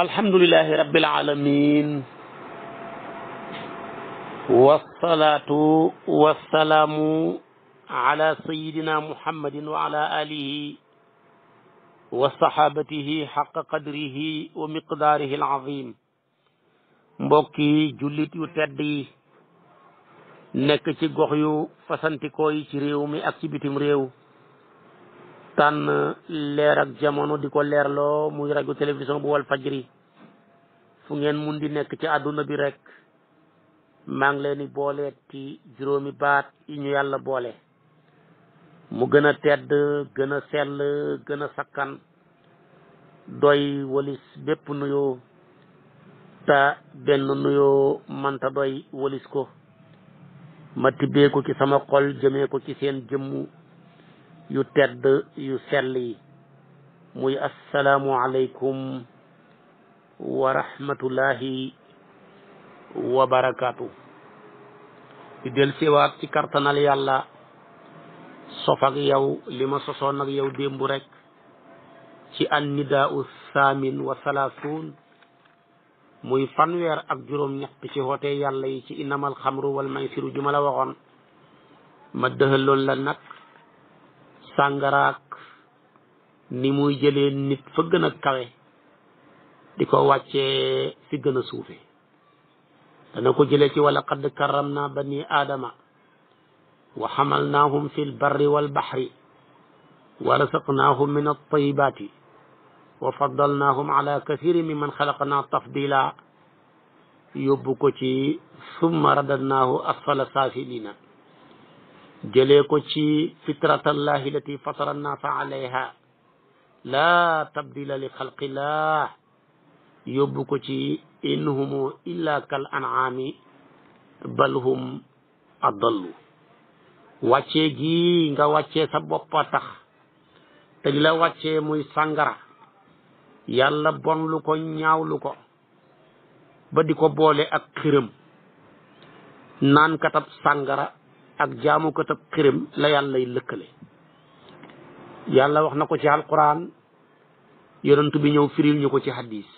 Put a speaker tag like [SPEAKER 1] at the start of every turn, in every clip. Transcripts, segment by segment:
[SPEAKER 1] alhamdulilahi rabbil alamin wasalaatu wasalaamu ala sayidina muhammadin wa ala alihi wa saxaabatihi xaqa qadrihi wa miqdaarihi alazim mbokki jullit yu tedd yi nekk ci gox yu fasantikoo yi ci réew mi ak ci bitim réew tànn leer ak jamono di ko leerloo muy rajo télévision bu wal fajri fu ngeen mun di nekk ci àdduna bi rek maa ngi leen di booleet ci juróomi baat yi ñu yàlla boole mu gën a tedd gën a sell gën a sakkan doy walis bépp nuyoo ta benn nuyoo manta doy walis ko ma tibbee ko ci sama xol jëmee ko ci seen jëmm yu tedd yu sell yi muy assalaamu aleykum wa rahmatullahi wa barakaatu del siwaat ci kartanal yàlla sof ak yow li ma sosoon ak yow démb rek ci an nidaau saamin wa salaasuun muy fanweer ak juróom ñett ci xoote yàlla yi ci inamal xamru wal maysiru ju ma la waxoon ma dëxaloon la nag sàngaraak ni muy jëlee nit fa gën a kawe di ko wàccee fi gën a suufe dana ko jëlee ci wala qad karram naa bani aadama wa xamalnaahum fi lbarri walbaxri wa rasaqnaahum min altayibaati wa faddalnaahum ala kasiri mimman xalaqnaa tafdila yóbbu ko ci summa radadnaahu asfala saafilina jëlee ko ci fitratallahi lati fatara annasa alayha laa tabdila li xalqillah yóbbu ko ci in humu illa kal an'ami bal hum adallu wàccee gi nga wàccee sa boppa tax te li la wàccee muy sàngara yàlla bon lu ko ñaawlu ko ba di ko boole ak xiram naan katab sàngara ak jaamu ko xërëm la yàllay lëkkale yàlla wax na ko ci alquran yonent bi ñëw firil ñu ko ci hadis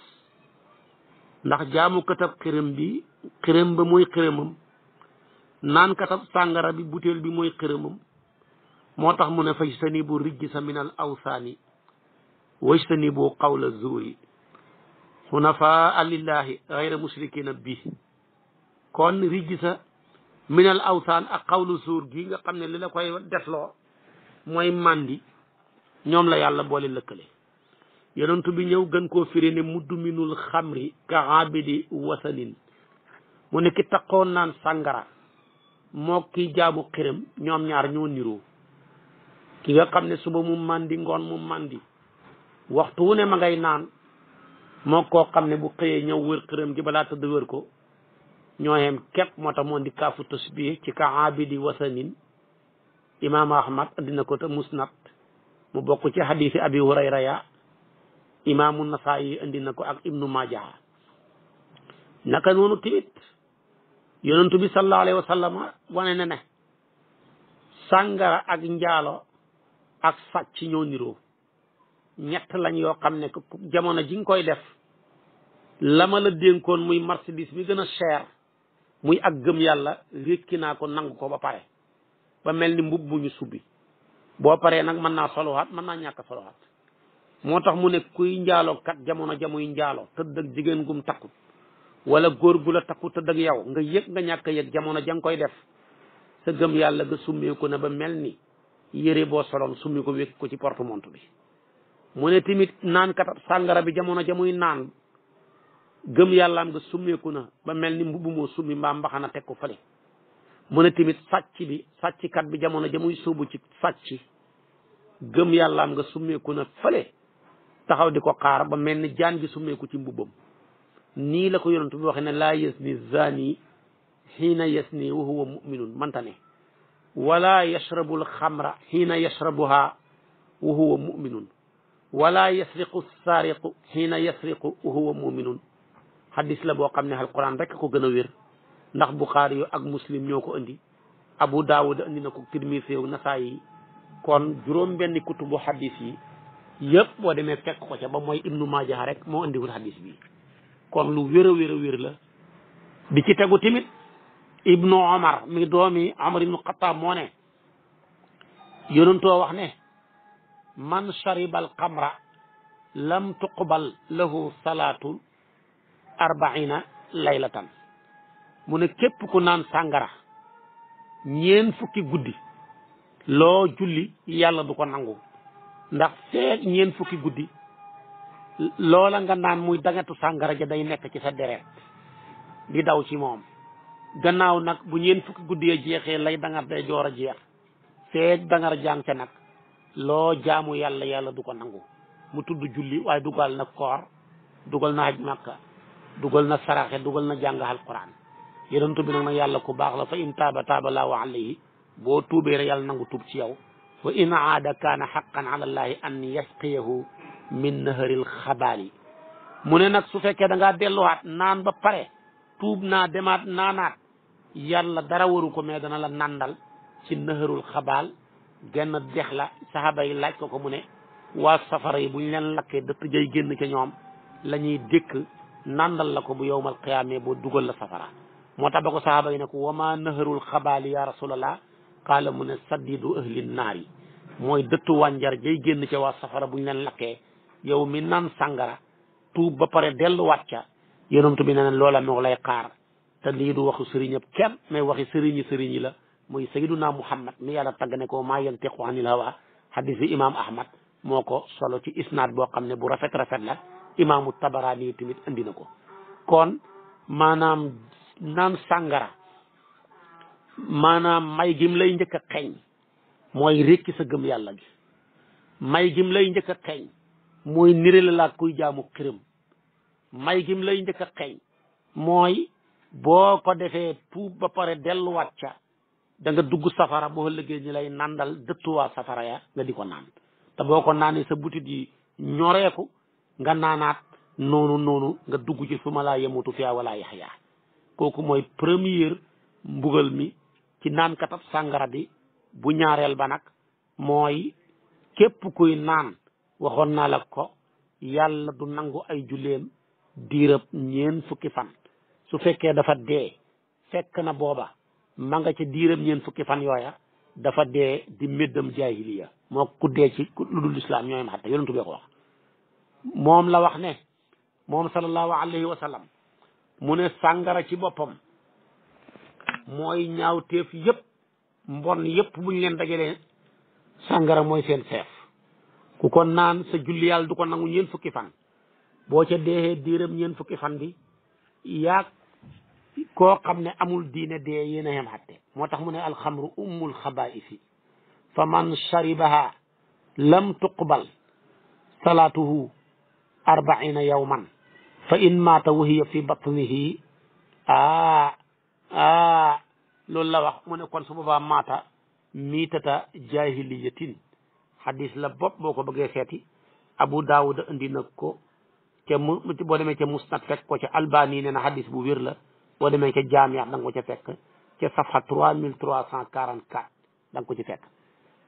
[SPEAKER 1] ndax jaamu katab xërëm bi xërëm ba mooy xërëmam naan katab sàngara bi butéel bi mooy xërëmam moo tax mu ne faj sani bu rijj sa minal awsaani waj sani bu qawla zuuri hunafaa lillahi gayra mushrikina bi kon rijj sa minal awsaan ak xaw xawlu suur gi nga xam ne li la koy desloo mooy màndi ñoom la yàlla boole lëkkale yonentu bi ñëw gën koo firi ne mudduminul xamri ka di wasanin mu nekki ki taqoon naan sàngara moo ki jaabu xiram ñoom ñaar ñoo niroo ki nga xam ne suba mu màndi ngoon mu màndi waxtu wu ne ma ngay naan moo koo xam ne bu xëyee ñëw wër xiram gi balaa tëdd wër ko ñoo yem képp moo tax mu indi kaafu tasbih ci ka abidi wasanin imaamu ahmad andina ko te musnad mu bokk ci hadisi abi hurayra ya imaamu nasaayi indi na ko ak ibnu maja naka noonu tamit yonentu bi sallallahu alayhi wa wane ne ne sàngara ak njaalo ak sàcc ñoo niroo ñett lañ yoo xam ne jamono ji nga koy def lama la dénkoon muy marchandise bi gën a cher muy ak gëm yàlla rékki naa ko nangu ko ba pare ba mel ni mbubb bu ñu subbi boo paree nag mën naa solowaat mën naa ñàkk solowaat moo tax mu ne kuy njaaloo kat jamono jamuy njaaloo tëdd ak jigéen gum takku wala góor gu la takku tëdd ak yow nga yëg nga ñàkk yëg jamono ja koy def sa gëm yàlla ga summeeku na ba mel ni yére boo soloon summi ko wékk ko ci porte-montre bi mu ne tamit naan kat sàngara bi jamono jamuy naan gëm yàllaam nga summeeku na ba mel ni mbubb moo summi mbaa mbaxana teg ko fële mu ne tamit sàcc bi sàcckat bi jamono ja muy sóobu ci sàcc gëm yàllaam nga summeeku na fële taxaw di ko xaar ba mel ni jaan gi summeeku ci mbubbam nii la ko yonent bi waxee ne laa yasni zani xiina yasni wa huwa muminun manta ne wala yashrabu alxamra xiina yashrabuha wa huwa muminun wala yasriqu saariqu xiina yasriqu wa huwa muminun xadis la boo xam ne alquran rek ko gën a wér ndax buxaari yu ak muslim ñoo ko indi abu daawud indi na ko tirmisi yu nasaa kon juróom benn kutubu xadis yi yëpp boo demee fekk ko ca ba mooy ibnu maaja rek moo indiwul xadis bi kon lu wér a wér a wér la di ci tegu tamit ibnu omar mi doomi omar ibnu xataab moo ne yonentoo wax ne man shariba al lam tuqbal lahu salaatu arbaina laylatan mu ne képp ku naan sàngara ñeen fukki guddi loo julli yàlla du ko nangu ndax feeg ñeen fukki guddi loola nga naan muy dangatu sàngara ja day nekk ci sa deret di daw ci moom gannaaw nag bu ñeen fukki guddi ya jeexee lay dangar day joor a jeex feeg dangar jàng ca nag loo jaamu yàlla yàlla du ko nangu mu tudd julli waaye dugal na koor dugal na aj màkka dugal na saraxe dugal na jàng alquran yonent bi nag nag yàlla ku baax la fa in taaba taaba laahu alayhi boo tuubee rek yàlla nangu tuub ci yow wa in aada kaana xaqan ala an yasqiyahu min naharil xabaali mu ne nag su fekkee da ngaa delluwaat naan ba pare tuub na demaat naanaat yàlla dara waru ko mais dana la nandal ci naharul xabaal genn dex la saxaaba yi ko ko mu ne waa safara yi buñ leen lakkee dëtt jay génn ca ñoom lañuy ñuy nandal la ko bu yowmal qiyaamee boo dugal la safara moo tax ba ko sahaaba yi ne ko wama naharul xabaali ya rasulallah qaala mu ne saddidu ahli naar mooy dëttu wànjar jay génn ca waa safara buñ leen lakkee yow mi naan sàngara tuub ba pare dellu delluwaat ca yonent bi ne loola moo lay xaar te lii du waxu sëriñëb kenn mais waxi sëriñi sëriñi la muy sayyiduna muhammad mi yàlla tagg ne ko maa yantiqu anil hawa hadis bi imam ahmad moo ko solo ci isnaad boo xam ne bu rafet rafet la imaamu tabaraani tamit andi na ko kon maanaam naan sàngara maanaam may gim lay njëkk a xeeñ mooy rekki sa gëm yàlla gi may gim lay njëkk a xeeñ mooy nirale laa xiram may gim lay njëkk a xeeñ mooy boo ko defee tuub ba pare delluwaat ca danga dugg safara boo ëllëgee ñi lay nandal dëttuwaa safara ya nga di ko naan te boo ko naanee sa butit yi ñoreeku nga naanaat noonu noonu nga dugg ci fu ma laa yemutu fiyaa wala yaxyaa kooku mooy première mbugal mi ci naankat sàngara bi bu ñaareel ba nag mooy képp kuy naan waxoon naa la ko yàlla du nangu ay julleem diirab ñeen fukki fan su fekkee dafa dee fekk na booba ma nga ci diirab ñeen fukki fan yooya dafa dee di méddam jaahiliya moo ku dee ci lu dul islaam ñooyam xatta yonentu bee ko wax moom la wax ne moom sallallahu alayhi wa sallam mu ne sàngara ci boppam mooy ñaawteef yépp mbon yépp bu ñu leen dajalee sàngara mooy seen seef ku ko naan sa julli du ko nangu ñeen fukki fan boo ca deexee diiram ñeen fukki fan bi yaag koo xam ne amul diine dee yéen a xatte moo tax mu ne alxamru ummul xabaisi fa man sharibaha lam tuqbal salaatuhu arbaina yawman fa in maata wa hiya fi batnihi aa aa loolu la wax mu ne kon su boobaa maata miitata jahiliyatin hadis la bopp boo ko bëggee seeti abu daawuda indi na ko ca mu boo demee ca musnad fekk ko ca albani nee na hadis bu wér la boo demee ca jaamiya da ko ca fekk ca safha trois mille trois cent quarante quatre ko ci fekk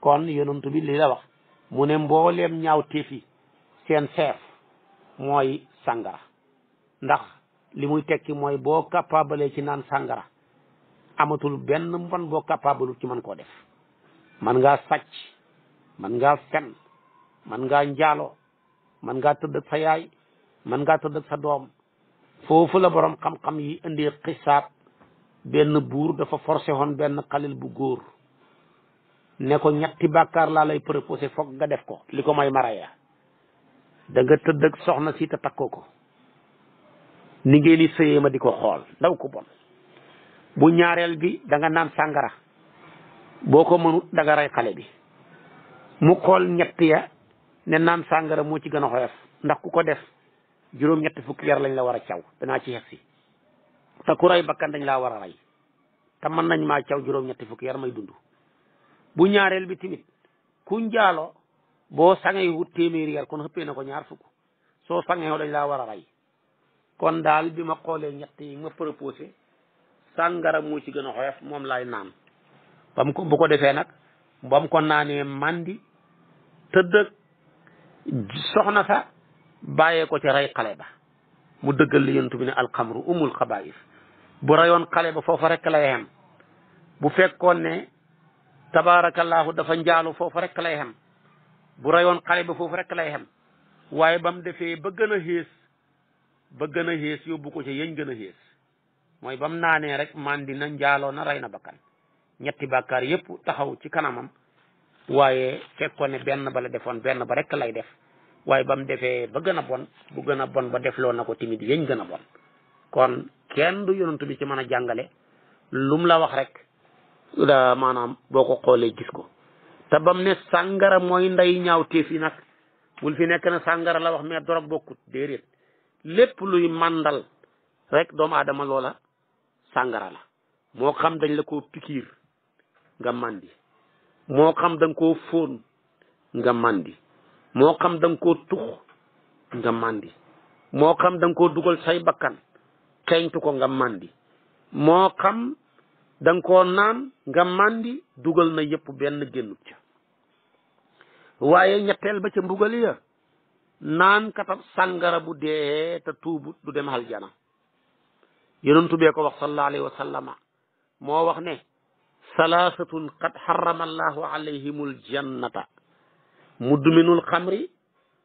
[SPEAKER 1] kon yonent bi wax mu ne mbooleem ñaaw téef seen seef mooy sàngara ndax li muy tekki mooy boo capable ci naan sàngara amatul benn mbon boo capable ci mën koo def man ngaa sàcc man ngaa fen man ngaa njaalo man ngaa tëdd ak yaay man ngaa tëdd ak doom foofu la borom xam-xam yi indi xisaab benn buur dafa forcé woon benn xalil bu góor ne ko ñetti bàkkaar laa lay proposé foog nga def ko li ko may maraya da nga tëdd ak soxna si te takkoo ko ni ngeen di sëyee ma di ko xool ndaw ko bon bu ñaareel bi danga naan sàngara boo ko mënut danga nga rey xale bi mu xool ñett ya ne naan sàngara moo ci gën a xoyof ndax ku ko def juróom ñett fukk yar lañ la war a caw danaa ci yegsi si ku rey bakkan dañ laa war a rey te mën nañ maa caw juróom ñetti fukki yar may dund bu ñaareel bi tamit ku njaaloo boo sange téeméer téeméeri kon xëppee na ko ñaar fukk soo sangeewoo lañ laa war a rey kon daal bi ma xoolee ñett yi ma proposé sàngara moo ci gën a xoyof moom laay naan ba ko bu ko defee nag ba mu ko naanee mandi tëdd soxna sa bàyyee ko ci rey xale ba mu dëggal li yontu bi ne alxamru umul xabaayis bu reyoon xale ba foofa rek lay xem bu fekkoon ne tabaarakallaahu dafa njaalu foofa rek lay xem bu reyoon xale ba foofu rek lay xem waaye ba mu defee ba gën a xées ba gën a xées yóbbu ko ca yéen gën a xées mooy ba mu naanee rek mandi na njaaloo na rey na bakkan ñetti bàkkaar yépp taxaw ci kanamam waaye fekkoon ne benn ba la defoon benn ba rek lay def waaye ba mu defee ba gën a bon bu gën a bon ba defloon na ko timit yéen gën a bon kon kenn du yonantu bi ci mën a jàngale lum la wax rek maanaam boo ko xoolee gis ko te bam ne sàngara mooy nday ñaawteef yi nag bul fi nekk na sàngara la wax mais dorog bokkut déedéet lépp luy màndal rek doomu adama loola sàngara la moo xam dañ la koo pikiir nga mandi moo xam danga koo fóon nga màndi moo xam danga koo tux nga màndi moo xam danga koo dugal say bakkan xeeñtu ko nga màndi moo xam da nga koo naan nga màndi dugal na yëpp benn génnut ca waaye ñetteel ba ca mbugal ya naan katab sàngara bu dee te tuubut du dem aljana yonentu bee ko wax sallallahu alayhi wa sallama moo wax ne salaasatun qad harrama allahu alayhimul jannata mudminul xamri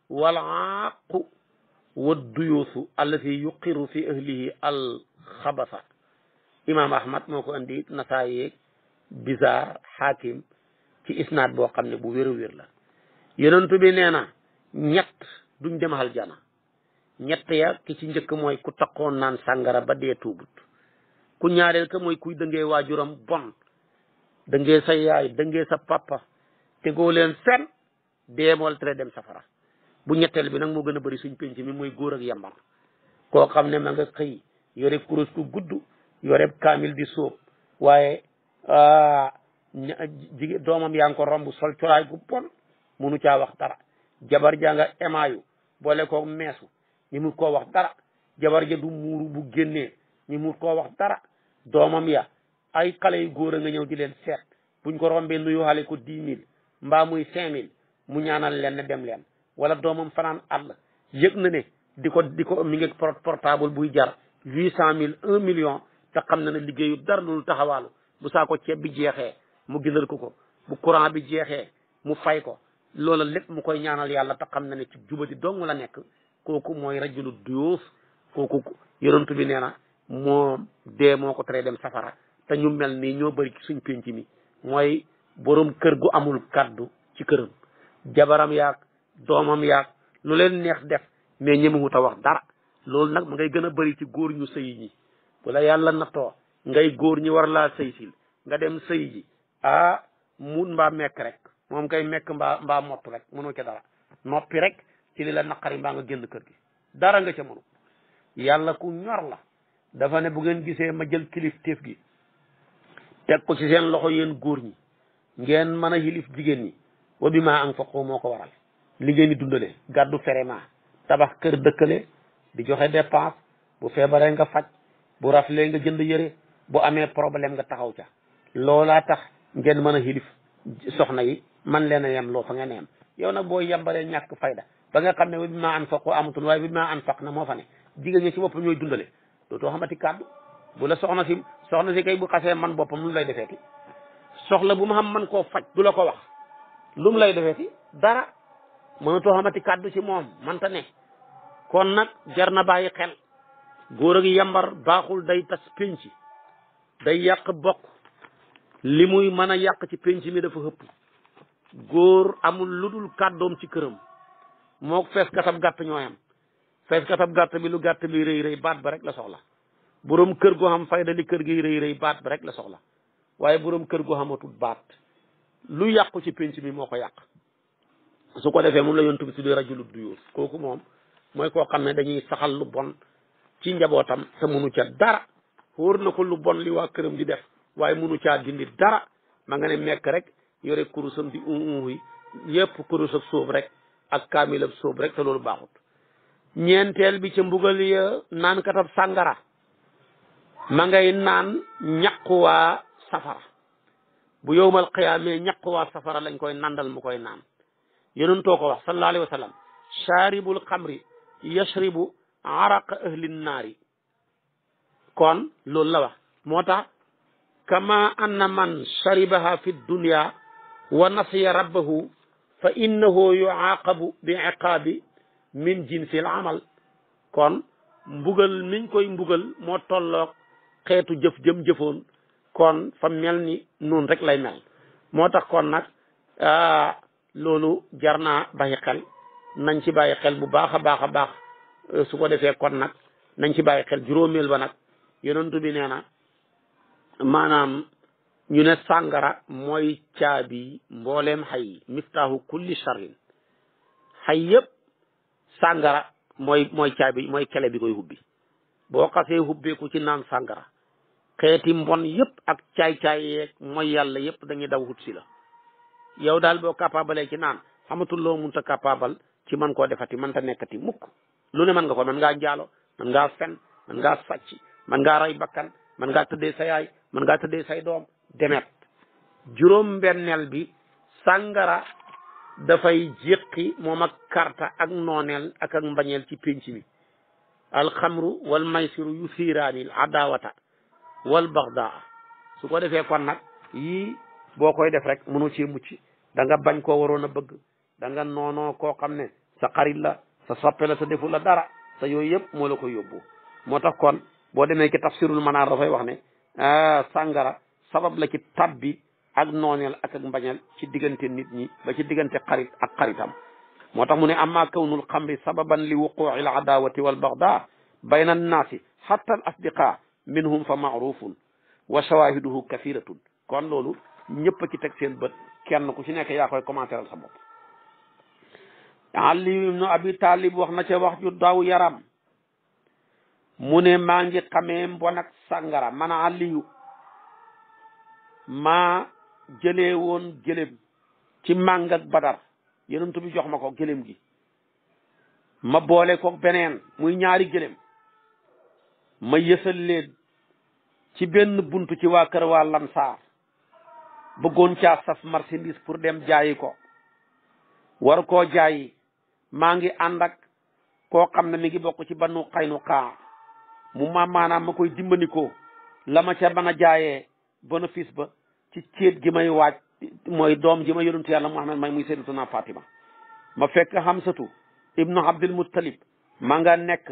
[SPEAKER 1] wal aaqu wa duyuusu allati yuqiru fi ahlihi al xabasa imaam ahmad moo ko andi nasaa yeeg bizaar xaakim ci isnaad boo xam ne bu wér a wér la yonentu bi nee na ñett duñ dem aljana ñett ki ci njëkk mooy ku takkoon naan sàngara ba dee tuubut ku ñaareel ka mooy kuy dëngee waajuram bon dëngee sa yaay dëngee sa papa tegoo leen fen dee moltre dem safara bu ñetteel bi nag moo gën a bari suñ penc mi mooy góor ak yambar koo xam ne ma nga xëy yore ku gudd yoreb kaamil di soob waaye ah, jigéen doomam yaa ngi ko romb sol coraay gu bon munu caa wax dara jabar jaa nga emaayu boole ko meesu ñi mu koo wax dara jabar ja du muuru bu génnee ñi mu koo wax dara doomam ya ay xale yu góor a nga ñëw di leen seet buñ ko rombee nuyu xale ko dix mille mbaa muy cinq mille mu ñaanal leen ne dem leen wala doomam fanaan àll yëg na ne di ko di ko mi ngi portable buy jar huit cent mille un million te xam na na liggéeyu dara lu taxawaalu bu saa ko ceeb bi jeexee mu gënal ko ko bu courant bi jeexee mu fay ko loola lépp mu koy ñaanal yàlla te xam na ne ci jubadi dong la nekk kooku mooy rajulu duyuuf kooku yonent bi nee na moo dee moo ko teree dem safara te ñu mel nii ñoo bëri ci suñ penc mi mooy borom kër gu amul kaddu ci këram jabaram yaag doomam yaag lu leen neex def mais ñemewut ta wax dara loolu nag ma ngay gën a bëri ci góor ñu sëy ñi bu la yàlla nattoo ngay góor ñi war laa sëy sil nga dem sëy ji ah mun mbaa mekk rekk moom kay mekk mbaa mbaa mott rek mënoo ca dara rek ci la naqari mbaa nga génn kër gi dara nga ca mënu yàlla ku ñor la dafa ne bu ngeen gisee ma jël kilif kilifteef gi teg ko ci seen loxo yéen góor ñi ngeen mën a yilif jigéen ñi wa bi maa anfaqu moo ko waral li ngeen di dundale gàddu ferema tabax kër dëkkale di joxe dépense bu feebaree nga faj bu raflee nga jënd yëre bu amee problème nga taxaw ca tax ngeen mën a xilif soxna yi man leen a yem loo fa ngeen a yow nag boo yembaree ñàkk fayda ba nga xam ne wa bi maa an faqu amatul waaye bi maa an faq na moo fa ne jigéen ñi ci boppam ñooy dundale dootoo xamati kàddu bu la soxna si kay bu xasee man boppam lu mu lay defeeti soxla bu ma xam man koo faj du la ko wax lu mu lay defeeti dara mënatoo xamati kàddu ci moom manta ne kon nag jar góor ak yambar baaxul day tas pénc day yàq bokk li muy mën a yàq ci pénc mi dafa hëpp góor amul lu dul kàddoom ci këram moo fees katab gàtt ñooyam fees katab gàtt bi lu gàtt bi rëy rëy baat ba rek la soxla boroom kër gu xam fayda li kër gi rëy rëy baat ba rek la soxla waaye boroom kër gu xamatul baat lu yàqu ci pénc mi moo ko yàq su ko defee moom la yontu bi tuddee rajulu duyóor kooku moom mooy koo xam ne dañuy saxal lu bon ci njabootam te munu ca dara wóor na ko lu bon li waa këram di def waaye munu caa dindi dara ma nga ne mekk rek yore kurusam di un yépp kurus ak rek ak kaamil ak rek te loolu baaxut ñeenteel bi ca mbugal ya naan katab sàngara ma ngay naan ñaquwaa safara bu yowmal qiyaamee ñaquwaa safara lañ koy nandal mu koy naan yonentoo ko wax sallallahu alayhi shaaribul xamri yashribu araqa ahlin naari kon loolu la wax moo tax kama anna man sharibaha fi dunya wa nasiya rabbahu fa innahu yuaqabu bi iqaabi min jinsi al amal kon mbugal miñ koy mbugal moo tolloog xeetu jëf jëm jëfoon kon fa mel ni noonu rek lay mel moo tax kon nag ah, loolu jar naa bàyyi xel nañ ci bàyyi xel bu baax a baax a baax Euh, su ko defee kon nag nañ ci bàyyi xel juróomeel ba nag yonentu bi nee na maanaam ñu ne sàngara mooy caabi mbooleem xay miftaahu kulli charrin xay yëpp sàngara mooy mooy caabi mooy kele bi koy hubbi boo xasee hubbeeku ci naan sàngara xeeti mbon yëpp ak caay-caay yeeg mooy yàlla yëpp dañuy daw hut si la yow daal boo capabale ci naan xamatul loo munta capabal ci man koo defati mënta nekkati mukk lu ne mën nga ko man ngaa njaalo man nga fen mën ngaa sàcc mën ngaa rey bakkan mën ngaa tëddee sa yaay mën ngaa tëddee say doom demet juróom benneel bi sàngara dafay jéqi moom ak karta ak nooneel ak ak mbañeel ci pénc mi alxamru wal maysiru yu siiraani adawata wal baxdaa su ko defee kon nag yii boo koy def rek mënu ci mucc danga nga bañ koo waroon a bëgg da nga noonoo koo xam ne sa xarit la sa sappe la sa defu la dara sa yooyu yëpp moo la koy yóbbu moo tax kon boo demee ci tafsirul manaar dafay wax ne sangara sabab la ci tabbi ak nooneel ak ak mbañal ci diggante nit ñi ba ci diggante xarit ak xaritam moo tax mu ne amma kawnul xamri sababan li wuquci al adawati wal bagda bayna annaasi hatta al asdiqa minhum fa maarufun wa shawahiduhu kafiratun kon loolu ñëpp a ci teg seen bët kenn ku ci nekk yaa koy commentéral sa bopp Ali ibnu Abi Talib wax na ce wax ju daw yaram mu ne maa ngi xamee mbon ak sàngara man ma maa jëlee woon ci màng ak badar yonent bi jox ma ko gëlëm gi ma boole ko beneen muy ñaari gëlëm ma yësal leen ci benn buntu ci waa kër waa Lansaar bëggoon caa saf marchandise pour dem jaayi ko war koo jaayi maa ngi ànd ak koo xam ne mi ngi bokk ci banu Qaynuqa mu ma maanaam ma koy dimbandikoo la ma ca mën a jaayee bénéfice ba ci céet gi may waaj mooy doom ji ma yonentu yàlla mu Muhammad may muy Sayyidatuna Fatima ma fekk Hamsatu ibnu Abdul Muttalib ma nga nekk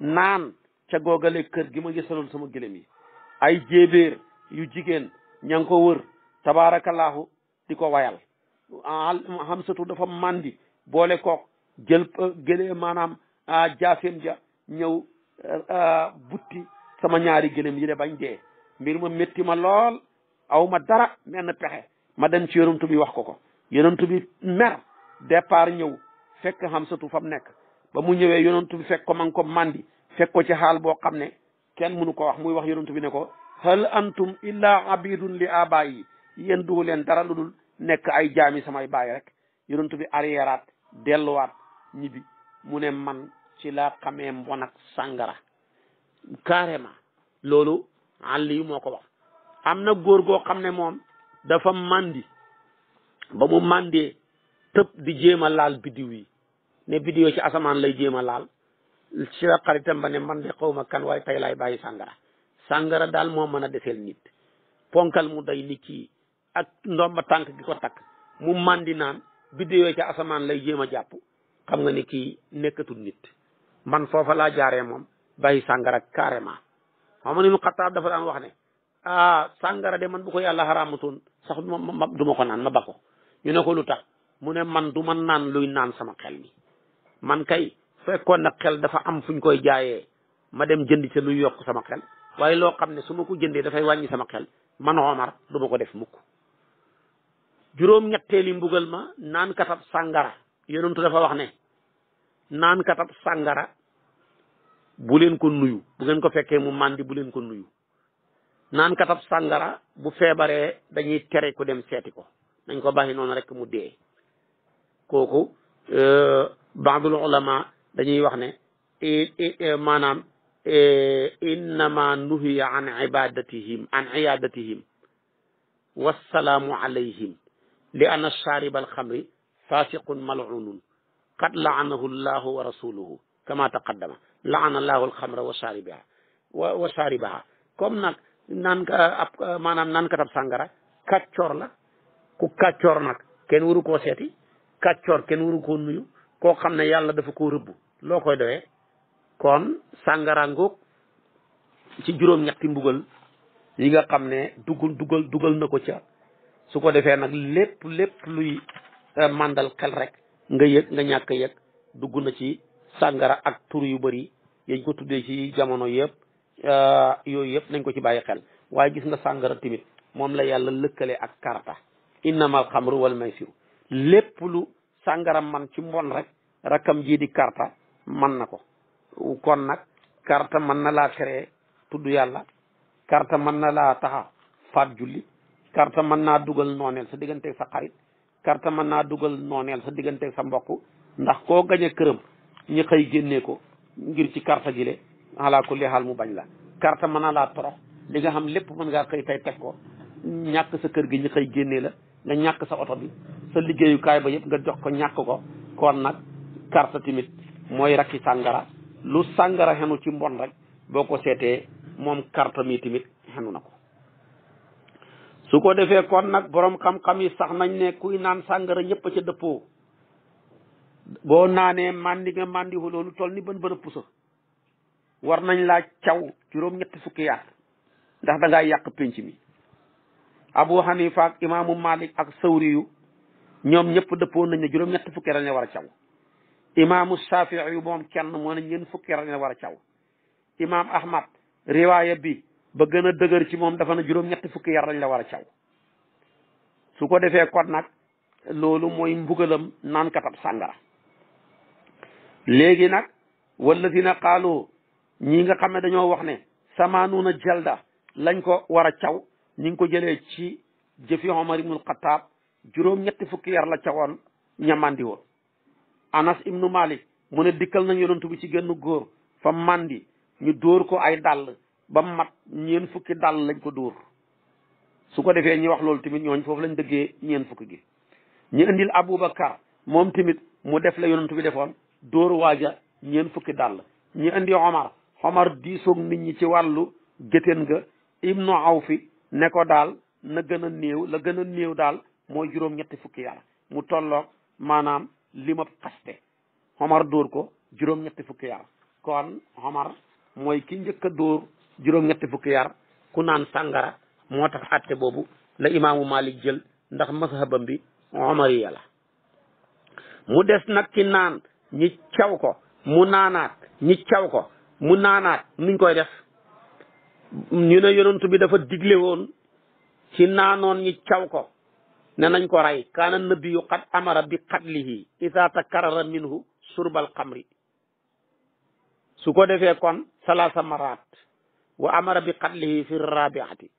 [SPEAKER 1] naan ca googale kër gi ma gisaloon sama gëlëm yi ay jéebéer yu jigéen ña ngi ko wër tabaarakallaahu di ko wayal Hamsatu dafa màndi boole kook jël gëlee a jaafeem ja ñëw butti sama ñaari gëlëm yi de bañ dee mbir ma métti ma lool aw ma dara menn pexe ma dem ci yonantu bi wax ko ko yonantu bi mer départ ñëw fekk xamsatu fa mu nekk ba mu ñëwee yonantu bi fekk ko ma ngi ko mandi fekk ko ci xaal boo xam ne kenn mënu ko wax muy wax yonantu bi ne ko hal antum illa abidun li abaay yi yéen duhu leen dara lu dul nekk ay jaami samay baay rek yonantu bi arriéraat delluwaat ñibbi mu ne man ci la xamee mbon sàngara carrément loolu àll yi moo ko wax am na góor goo xam ne moom dafa màndi ba mu màndee tëb di jéem a laal biddiw yi ne biddiw ci asamaan lay jéem a laal ci la xaritam ba ne man de xawma kan waaye tey laay bàyyi sàngara sàngara daal moo mën a deseel nit ponkal mu day nit kii ak ndomba tànk gi ko takk mu màndi naan biddiw ci asamaan lay jéem a jàpp xam nga ni kii nekkatul nit man foofa laa jaaree moom bàyyi sangara carrément xam nga ni mu xattaab dafa daan wax ne ah sàngara de man bu ko yàlla xaraamatoon sax du ma du ma ko naan ma bakko ñu ne ko lu tax mu ne man du man naan luy naan sama xel mi man kay fekkoon na xel dafa am fuñ koy jaayee ma dem jënd ca lu yokk sama xel waaye loo xam ne su ma ko jëndee dafay wàññi sama xel man Omar du ma ko def mukk juróom ñetteeli mbugal ma naan katab sàngara yonentu dafa wax ne naan katab sàngara bu leen ko nuyu bu ko fekkee mu màndi bu leen ko nuyu naan katab sàngara bu feebaree dañuy tere ko dem seeti ko dañ ko bàyyi noonu rek mu dee kooku euh, baadul ulama dañuy wax ne e, maanaam e, innama nuhiya an ibadatihim an iyadatihim wassalaamu alayhim li anna shaariba alxamri fasiqun mal'unun qad la'anahu llahu wa rasuluhu kama taqaddama la'ana llahu alxamra wa sharibaha wa wa sharibaha comme nag maanaam naan katab sàngara kàccoor la ku kàccoor nag kenn waru koo seeti kàccoor kenn waru koo nuyu koo xam ne yàlla dafa ko rëbb loo koy doyee kon sàngara ngoog ci juróom-ñetti mbugal yi nga xam ne duggal dugal dugal na ko ca su ko defee nag lépp lépp luy Euh, màndal xel rek nga yëg nga ñàkk yëg dugg na ci sàngara ak tur yu bari yañ ko tuddee ci jamono yëpp euh, yooyu yëpp nañ ko ci bàyyi xel waaye gis nga sàngara tamit moom la yàlla lëkkale ak karta innamal xamru wal maysiru lépp lu sàngara man ci mbon rek rakam jii di karta man na ko kon nag karta mën na laa créer tudd yàlla karta mën na laa taxa faat julli karta mën naa dugal nooneel sa digganteeg sa xarit carte mën naa dugal nooneel sa digganteeg sa mbokk ndax koo gañe këram ñi xëy génnee ko ngir ci carte ji le ala kulli xaal mu bañ la carte mën naa laa torox li nga xam lépp mën ngaa xëy tey teg ko ñàkk sa kër gi ñi xëy génnee la nga ñàkk sa oto bi sa liggéeyukaay ba yëpp nga jox ko ñàkk ko kon nag carte tamit mooy rakki sàngara lu sàngara xenu ci mbon rek boo ko seetee moom carte mi tamit xenu na ko su ko defee kon nag boroom xam-xam yi sax nañ ne kuy naan sàngara ñëpp a ca dëppoo boo naanee mandi nga mandiwu loolu toll ni bën bën a pusa war nañ laa caw juróom-ñetti fukki yaat ndax da ngaa yàq pénc mi abu hanifa ak imaamu malik ak sawri yu ñoom ñëpp dëppoo nañ ne juróom-ñetti fukki yaat war a caw imaamu shafii yu moom kenn moo ne ñeent fukki yaat war a caw imaam ahmad riwaaya bi ba gën a dëgër ci moom dafa na juróom ñetti fukki yar lañ la war a caw su ko defee kot nag loolu mooy mbugalam naan katab sàngara léegi nag walladina qaalu ñi nga xam ne dañoo wax ne samaanuuna jalda lañ ko war a caw ñi ngi ko jëlee ci jëfi Omar ibnul Xataab juróom ñetti fukki yar la cawoon ñamandi woon Anas ibnu Malik mu ne dikkal nañ yonent bi ci gennu góor fa mandi ñu dóor ko ay dàll ba mat ñeen fukki dàll lañ ko dóor su ko defee ñi wax loolu tamit ñooñ foofu lañ dëggee ñeen fukki gi ñi indil aboubacar moom tamit mu def la yonent bi defoon dóor waaja ñeen fukki dàll ñi indi omar omar diisoog nit ñi ci wàllu géttéen ga ibnu awfi ne ko daal na gën a néew la gën a néew daal mooy juróom ñetti fukki yar mu tolloog maanaam lima ma xaste dóor ko juróom ñetti fukki yar kon omar mooy ki njëkk a dóor juróom-ñetti fukki yar ku naan sàngara moo tax atte boobu la imaamu malik jël ndax mazhabam bi omariya la mu des nag ki naan ñi caw ko mu naanaat ñi caw ko mu naanaat nuñ koy def ñu ne yonantu bi dafa digle woon ci naanoon ñi caw ko ne nañ ko rey kaana nabiyu qad amara bi qatlihi isa takarara minhu surbal xamri su ko defee kon salaasa maraat wa amara bi qatlihi fi rabiati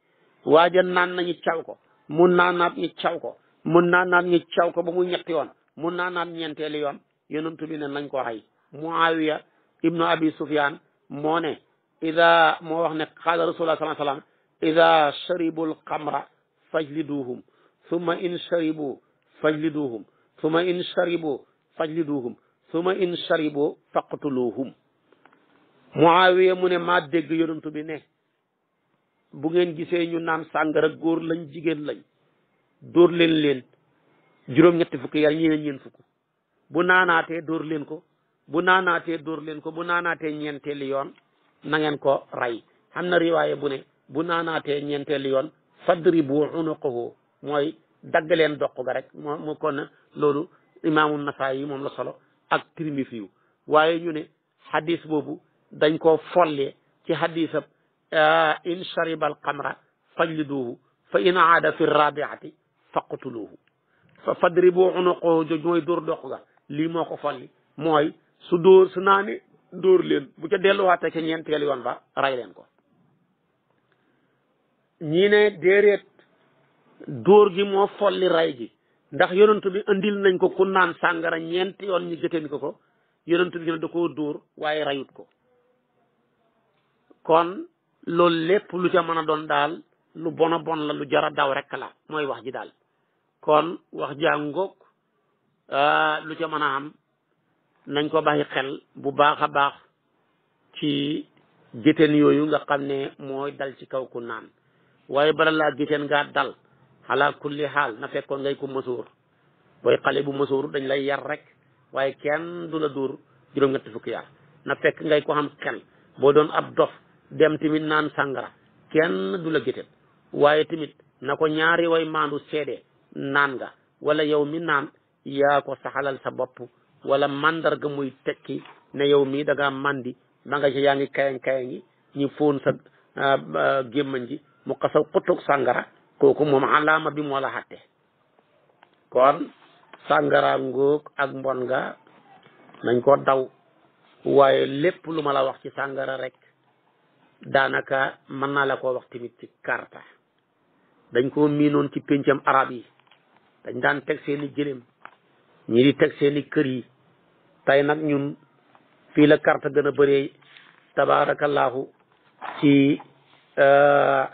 [SPEAKER 1] waaja naan na ñu caw ko mu naanaat ñu caw ko mu naanaat ñu caw ko ba mu ñetti yoon mu naanaat ñeenteeli yoon yonent bi ne nañ ko xay muawiya ibnu abi sufyan moo ne ida moo wax ne qaala rasulullah sallallahu alayhi wasallam ida sharibu alxamra fajliduhum summa in sharibu fajliduhum summa in sharibu fajliduhum summa in sharibu faqtuluhum Muawiya mu ne ma dégg yonantu bi ne bu ngeen gisee ñu naan sàngara góor lañ jigéen lañ dóor leen leen juróom-ñetti fukki yar ñeen ñeen fukk bu naanaatee dóor leen ko bu naanaatee dóor leen ko bu naanaatee ñeenteeli yoon na ngeen ko rey xam na riwaaye bu ne bu naanaatee ñeenteeli yoon fadribu ko mooy dagg leen doq ga rek moo mu kon loolu imaamu Nasaayi moom la solo ak Tirmisi waaye ñu ne hadis boobu dañ koo folle ci hadisab in shariba al xamra fajliduuhu fa in aada rabiati faqtuluuhu fa fadribu unuqahu joj mooy dóor dox ga lii moo ko folli mooy su dóor su naane dóor leen bu ca delluwaatee ca ñeenteel yoon ba ray leen ko ñii ne déeréet gi moo folli ray gi ndax yonentu bi andil nañ ko ku naan sàngara ñeenti yoon ñu jëteen ko ko yonentu bi ñu ne da koo waaye rayut ko kon loolu lépp lu ca mën a doon daal lu bon a bon la lu jar a daw rek la mooy wax ji daal kon wax jàngoog ah, lu ca mën a am nañ ko bàyyi xel bu baax a baax ci géteen yooyu nga xam ne mooy dal ci kaw ku naan waaye bala laa géteen ngaa dal ala kulli xaal na fekkoon ngay ko mësuur booy xale bu mësuur dañ lay yar rek waaye kenn du la dóor juróom-ñetti fukki yar na fekk ngay ko xam xel boo doon ab dof dem tamit naan sàngara kenn du la géteel waaye tamit na ko ñaari way maandu seede naan nga wala yow mi naan yaa ko saxalal sa bopp wala mandarga muy tekki ne yow mii da ngaa mandi da nga ci yaa ngi kayang kayang yi ñu sa ah, gémmañ mu xasaw xutug sàngara kooku moom alaama bi moo la xatte kon sàngara ngóog ak mbon nga nañ ko daw waaye lépp lu ma la wax ci sàngara rek daanaka mën naa la ko wax tamit ci karta dañ koo miinoon ci péncam araab yi dañ daan teg seeni jëlem ñi di teg seeni kër yi tey nag ñun fii la karta gën a bëree tabaarakallaahu ci euh,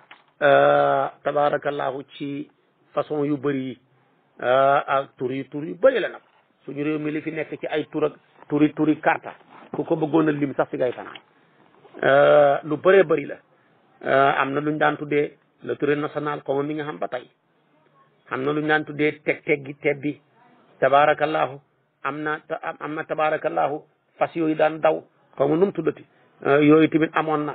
[SPEAKER 1] euh, tabaarakallaahu ci façon yu bëri yi euh, ak tur yi tur yu bëri la nag suñu réew mi li fi nekk ci ay tur ak turi turi karta ku ko bëggoon a lim sax si ngay fanaan Euh, lu bëree bëri la euh, am na lu ñu daan tuddee le touré national comme mi nga xam ba tey am na lu ñu daan tuddee teg teg gi teb bi tabaarakallaahu am na am na tabaarakallaahu fas yooyu daan daw xaw ma nu mu tuddati euh, yooyu tamit amoon na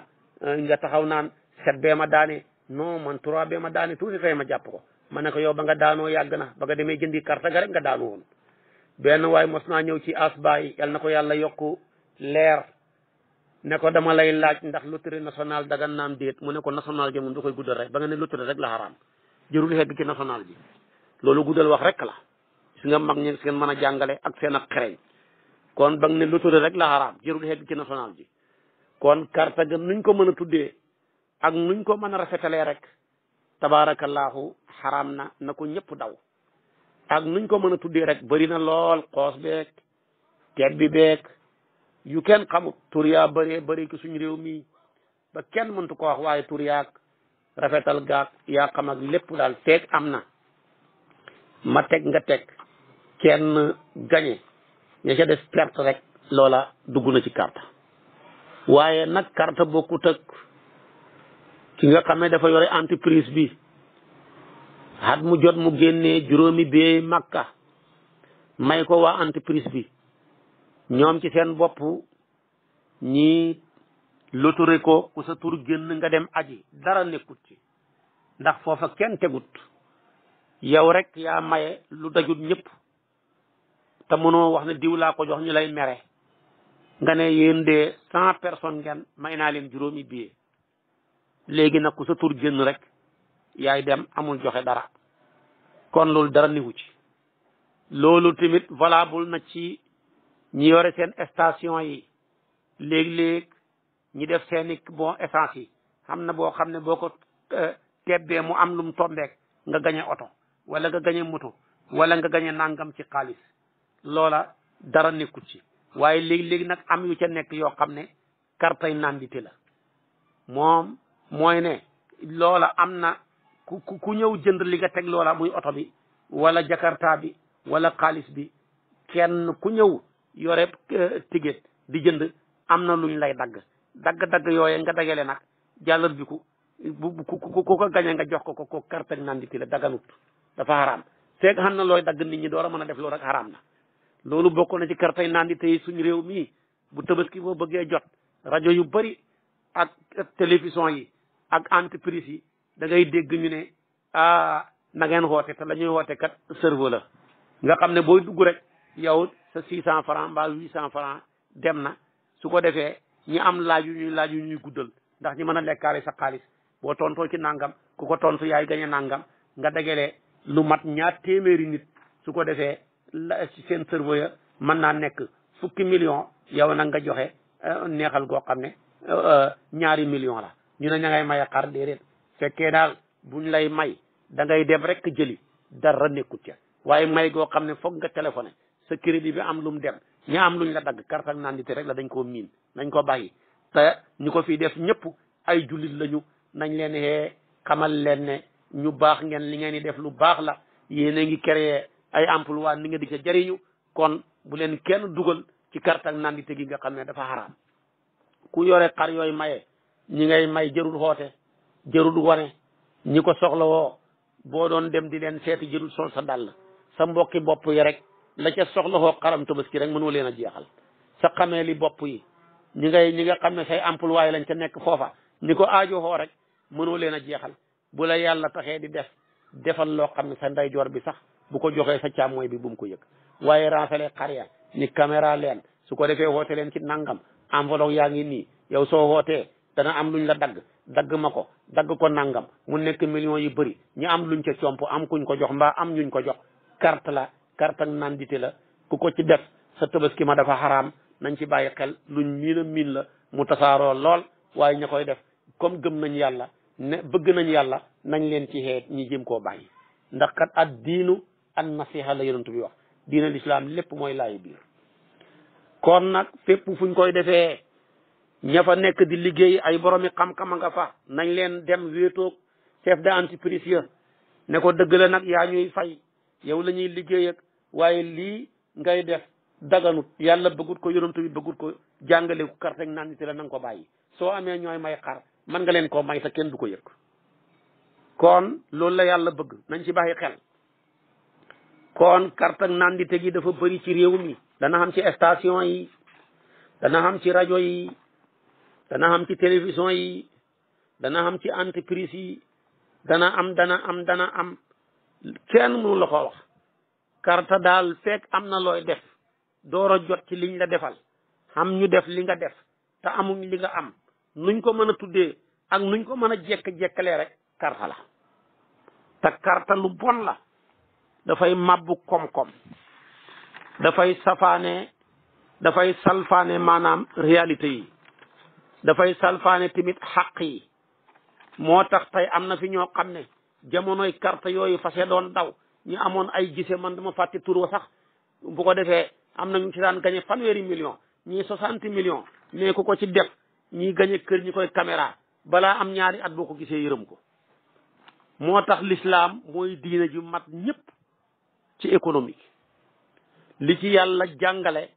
[SPEAKER 1] nga taxaw naan set bee ma daane non man trois bee ma daane tuuti tey ma jàpp ko ma ne ko yow ba nga daanoo yàgg na ba nga demee jëndi karta ga rek nga daanu woon benn waaye mos naa ñëw ci asbaay yal na ko yàlla yokku leer ne ko dama lay laaj ndax loterie nationale dagan naam déet mu ne ko national ja moom guddal rek ba nga ne loterie rek la xaraam jërul xegg ci national bi loolu guddal wax rek la si nga mag ñi mën a jàngale ak seen kon ba nga ne loterie rek la xaraam jërul xegg ci national bi kon carte ga ko mën a tuddee ak nuñ ko mën a rafetalee rek tabaarakallaahu xaraam na na ko ñëpp daw ak nuñ ko mën a tuddee rek bëri na lool xoos beek teet bi beek yu kenn xamut tur yaa bëree ki suñu réew mii ba kenn mëntu ko wax waaye tur yaag rafetal gaag yaa xam lépp daal teeg am na ma teg nga teg kenn gañe ña ca des perte rek loola dugg na ci carte waaye nag carte bokkut ak ki nga xamee dafa yore entreprise bi at mu jot mu génnee juróomi bee makka may ko waa entreprise bi ñoom ci seen bopp ñi loture ko ku sa tur génn nga dem aji dara nekkut ci ndax foofa kenn tegut yow rek yaa maye lu dajut ñëpp te mënoo wax ne diw laa ko jox ñu lay mere nga ne yéen de cent personnes ngeen may naa leen juróomi billet léegi nag ku sa tur génn rek yaay dem amul joxe dara kon loolu dara niwu ci loolu tamit valable na ci ñi yore seen station yi léeg-léeg ñi def seeni bon essence yi am na boo xam ne boo ko euh, tebbee mu am lu mu tombeek nga gañe oto wala nga gañe moto walla nga gañe nangam ci xaalis loola dara nekkul ci waaye léeg léegi nag am yu ci nekk yoo xam ne kartay nandite la moom mooy ne loola am na ku ku ñëw jënd li nga teg loola muy oto bi wala jakarta bi walla xaalis bi kenn ku ñëw yore eh, ticket di jënd am na lu ñu lay dagg dagg-dagg yooye nga dagale nag jàllar bi ku bu ku ku ko gañe nga jox ko ko ko carte ak nanditi la daganut dafa xaraam feeg xam na looy dagg nit ñi door a mën a def loolu rek xaraam na loolu bokk na ci carte ak nandite yi suñ réew mii bu tabaski boo bëggee jot rajo yu bëri ak télévision yi ak entreprise yi da ngay dégg ñu ne ah na ngeen woote te la ñuy woote kat serveur la nga xam ne booy dugg rek yow sa six cent franc mbaa huit cent franc dem na su ko defee ñi am laaj yu ñuy laaj yu ñuy guddal ndax ñi mën a lekkaale sa xaalis boo tontoo ci nangam ku ko tontu yaay gañe nangam nga dajale lu mat ñaar téeméeri nit su ko defee la seen cerveau ya mën naa nekk fukki million yow nag nga joxe euh, neexal goo xam ne euh, ñaari million la ñu ne ña ngay may xar déedéet fekkee daal bu buñ lay may da ngay dem rek jëli dara nekkut ca waaye may goo xam ne foog nga téléphoné sa crédit bi am lu mu dem ña am luñ la dagg carte ak nandité rek la dañ koo miin nañ koo bàyyi te ñu ko fi def ñëpp ay jullit lañu nañ leen xee xamal leen ne ñu baax ngeen li ngeen di def lu baax la yéen a ngi créé ay emploi ni nga di ca jëriñu kon bu leen kenn dugal ci carte ak nandité gi nga xam ne dafa xaraam ku yore xar yooyu maye ñi ngay may jërul xoote jërul wane ñi ko soxla woo boo doon dem di leen seeti jërul sol sa dàll sa mbokki bopp yi rek la ca soxla woo xaram tabaski rek mënoo leen a jeexal sa xamee li bopp yi ñi ngay ñi nga xam ne say employé lañ ca nekk foofa ñi ko aajo xoo rek mënoo leen a jeexal bu la yàlla taxee di def defal loo xam ne sa ndeyjoor bi sax bu ko joxee sa caam càmmooy bi bu mu ko yëg waaye rancale xar ya ni leen su ko defee woote leen ci nangam enveloppe yaa ngi nii yow soo wootee dana am luñ la dagg dagg ma ko dagg ko nangam mu nekk millions yi bëri ñu am luñ ca comp am kuñ ko jox mbaa am ñuñ ko jox carte ak nandité la ku ko ci def sa ki ma dafa xaraam nañ ci bàyyi xel luñ miin miin la mu tasaaroo lool waaye ña koy def comme gëm nañ yàlla ne bëgg nañ yàlla nañ leen ci xeet ñi jëm koo bàyyi ndax kat ad diinu an nasiha la yonent bi wax diina lislaam lépp mooy laayi biir kon nag fépp fuñ koy defee ña fa nekk di liggéey ay boromi xam-xam a nga fa nañ leen dem wéetoog chef d'entreprise ya ne ko dëgg la nag yaa ñuy fay yow la liggéey waaye lii ngay def daganut yàlla bëggut ko yonantu bi bëggut ko jàngale ko kar rek naan nit la na ko bàyyi soo amee ñooy may xar mën nga leen ko may ta kenn du ko yëg kon loolu la yàlla bëgg nañ ci bàyyi xel kon carte ak nandite gi dafa bëri ci réew mi dana am ci station yi dana am ci rajo yi dana am ci télévision yi dana am ci entreprise yi dana am dana am dana am kenn mënu la ko wax karta daal fekk am na looy def door a jot ci liñ la defal xam ñu def li nga def te amuñ li nga am nuñ ko mën a tuddee ak nuñ ko mën a jekk-jekkalee rek karta la te karta lu bon la dafay màbbu koom-koom dafay safaane dafay salfaane maanaam réalité yi dafay salfaane tamit xàq yi moo tax tey am na fi ñoo xam ne jamonoy karta yooyu fase doon daw ñu amoon ay gise man dama fàtte tur wa sax bu ko defee am na ñu ci daan gagné fanweeri million ñii soixante million mais ku ko ci def ñii gagné kër ñi koy caméra balaa am ñaari at boo ko gisee yërëm ko moo tax lislaam mooy diina ju mat ñëpp ci économique li ci yàlla jàngale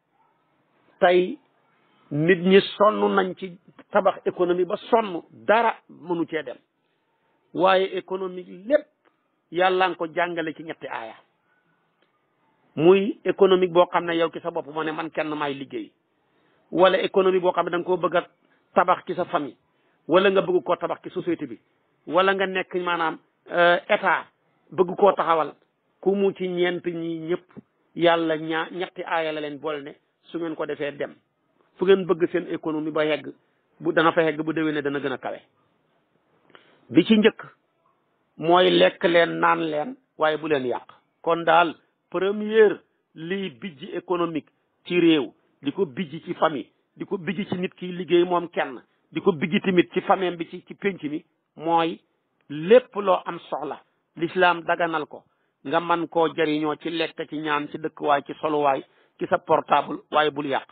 [SPEAKER 1] tey nit ñi sonn nañ ci tabax économie ba sonn dara mënu cee dem waaye économique lépp yàlla nga ko jàngale ci ñetti aaya muy économique boo xam ne yow ci sa bopp moo ne man kenn maay liggéey wala économie boo xam ne da nga koo bëgg a tabax ci sa famille wala nga bëgg koo tabax ci société bi wala nga nekk maanaam euh, état bëgg koo taxawal ku mu ci ñeent ñi ñëpp yàlla ñaa ñetti aaya la leen bool ne su ngeen ko defee dem fu ngeen bëgg seen économie ba yegg bu dana fa yegg bu déwénee dana gën a kawe bi ci njëkk mooy lekk leen naan leen waaye bu leen yàq kon daal première lii bijj économique ci réew di ko bijj ci famille di ko bijj ci nit ki liggéey moom kenn di ko bijji tamit ci famille bi ci ci pénc mi mooy lépp loo am soxla l'islam daganal ko nga man koo jariñoo ci lekk ci ñaan ci dëkkuwaay ci soluwaay ci sa portable waaye bul yàq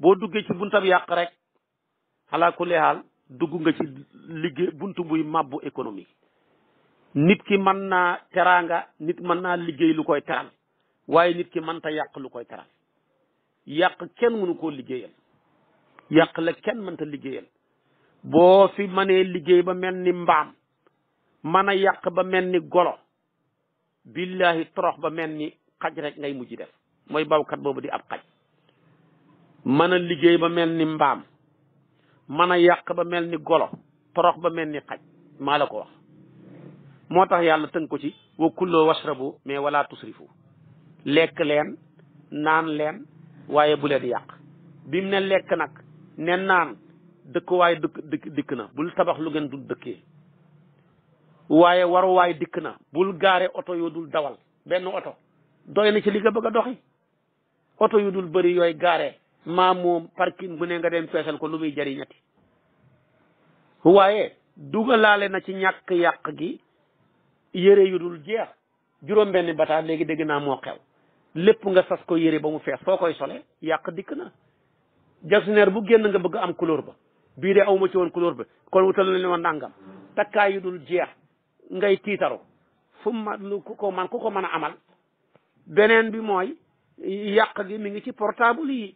[SPEAKER 1] boo duggee ci bunt buntab yàq rek xalaa ku dugg nga ci liggéey buntu buy màbbu économique nit ki mën naa teraanga nit mën naa liggéey lu koy teral waaye nit ki mënta yàq lu koy teral yàq kenn mënu koo liggéeyal yàq la kenn mënta liggéeyal boo fi mënee liggéey ba mel ni mbaam mën a yàq ba mel ni golo billahi torox ba mel ni xaj rek ngay mujj def mooy bawkat boobu di ab mën a liggéey ba mel ni mbaam mën a yàq ba mel ni golo torox ba mel ni xaj maa la ko wax moo tax yàlla tënk ko ci wa kulloo washrabu mais wala tusrifu lekk leen naan leen waaye bu leen yàq bi mu ne lekk nag ne naan dëkk waaye dëkk dikk dikk na bul tabax lu gën dul dëkkee waaye waruwaay dikk na bul gaare oto yoo dul dawal benn oto doy na ci li nga bëgg a doxi oto yu dul bëri yooyu gaare maam moom parking bu ne nga dem feesal ko lu muy jariñati waaye dugalaale na ci ñàkk yàq gi yére yu dul jeex juróom benn bataan léegi dégg naa moo xew lépp nga sas ko yére ba mu fees foo koy sole yàq dikk na jasneer bu génn nga bëgg am couleur ba bii de awma ci woon couleur ba kon wutal na woon nangam takkaay yu dul jeex ngay tiitaru fu ma lu ku ko man ko mën a amal beneen bi mooy yàq gi mi ngi ci portable yi